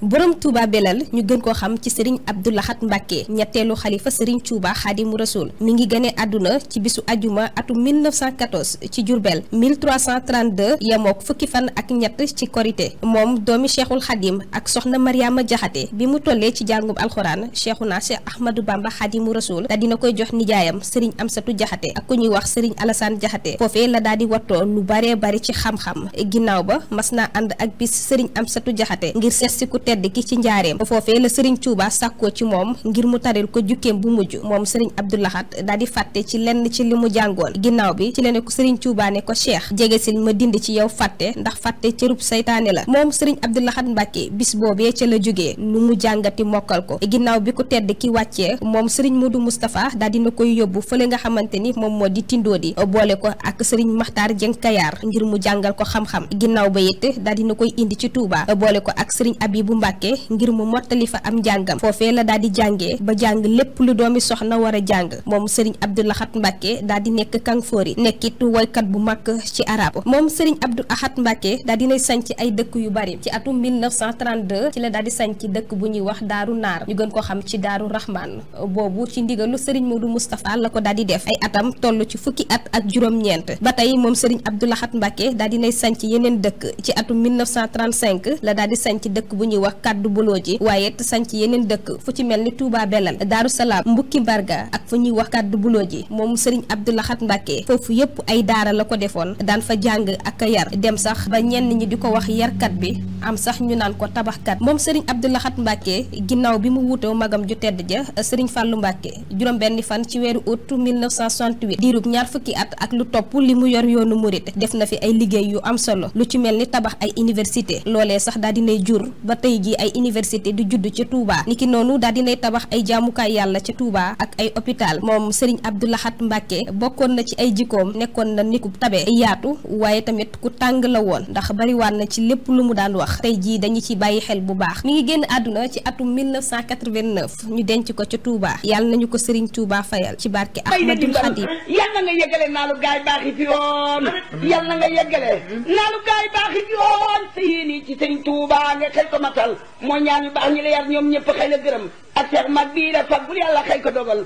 borom Touba Belal ñu gën koo xam ci sëriñ Abdou Lahad Mbacke ñetteelu xalifa sëriñ Touba Xaadimu Rasuul mi ngi gane àdduna ci bisu ajuma atum 1914 ci Jurbel 1332 yemook fukki fan ak ñett ci korité moom doomi Cheikhul Xadim ak soxna Mariama Jaxate bi mu tollee ci jàngum alxuraan Cheikhuna Cheikh Ahmadou Bamba Xaadimu Rasuul da dina koy jox nijaayam sëriñ Amsatu Jaxate ak ku ñuy wax sëriñ Alassane Jaxate foofee la daal di wattoo lu bare bari ci xam-xam ginnaaw ba mas naa ànd ak bis sëriñ Amsatu Jaxate ngir tedd ki ci njaareem foofee la sëriñ Touba sàkkoo ci moom ngir mu taril ko jukkeem bu mujj moom sëriñ Abdou Lahad daal di fàtte ci lenn ci li mu jàngoon ginnaaw bi ci la ne ko sëriñ Touba ne ko ma dindi ci yow fàtte ndax fàtte cërub saytaane la moom sëriñ Abdou Lahad Mbàkke bis boobee ca la jógee lu mu jàngati mokkal ko ginnaaw bi ko tedd ki wàccee moom sëriñ Modou Moustapha daal dina koy yóbbu fële nga xamante ni moom moo di di boole ko ak sëriñ Maxtaar Jeng Kayaar ngir mu jàngal ko xam-xam ginnaaw ba it daal dina koy indi ci Touba boole ko ak sëriñ Abibu Mbàkke ngir mu mottali fa am njàngam foofee la daal di ba jàng lépp lu doomi soxna war a jàng moom sëriñ Abdou Ahad Mbàkke daal di nekk Kanfoori nekkit woykat bu mag ci arab moom sëriñ Abdou Ahad Mbàkke daal dinay sanc ay dëkk yu bari ci atum 1932 ci la daal di sanc dëkk bu ñuy wax Daaru Naar ñu gën ko xam ci Daaru Rahman boobu ci ndigalu sëriñ Modou Moustapha la ko daal di def ay atam toll ci fukki at ak juróom-ñeent ba tey moom sëriñ Abdou Ahad Mbàkke daal dinay sanc yeneen dëkk ci atum 1935 la daal di sanc dëkk bu ñuy wax wax kàddu bulo ji waaye it sanc yeneen dëkk fu ci mel ni Touba Belal Daaru Salaam Mbukki Mbarga ak fu ñuy wax kàddu buloo ji moom Serigne Abdou Lahad Mbacké foofu yëpp ay daara la ko defoon daan fa jàng ak yar dem sax ba ñenn ñi di ko wax yarkat bi am sax ñu naan ko tabaxkat moom Serigne Abdou Lahad Mbacké ginnaaw bi mu wuutoo magam ju tedd ja Serigne Fallou Mbacké juróom benn fan ci weeru août 1968 diirub ñaar fukki at ak lu topp li mu yor yoonu murit def na fi ay liggéey yu am solo lu ci mel ni tabax ay université loolee sax tey ji ay université di judd ca Touba niki noonu daal dinay tabax ay jaamukaay yàlla ca Touba ak ay hôpital moom Serigne Abdou Lahat bokkoon na ci ay jikkoom nekkoon na niku tabe yaatu waaye tamit ku tàng la woon ndax bariwaan na ci lépp lu mu daan wax tey jii dañu ci bàyyi xel bu baax mi ngi génn àdduna ci atum ñu denc ko ca Touba yàlla nañu ko Serigne Touba fayal ci barke Ahmadou Khadim yàlla nga yëgale naalu gaay baax yi fi woon yàlla nga yëgale naalu dogal moo ñaan yu baax ñi la yar ñoom ñëpp xëy a gërëm ak seex mag bii la faggul yàlla xëy ko dogal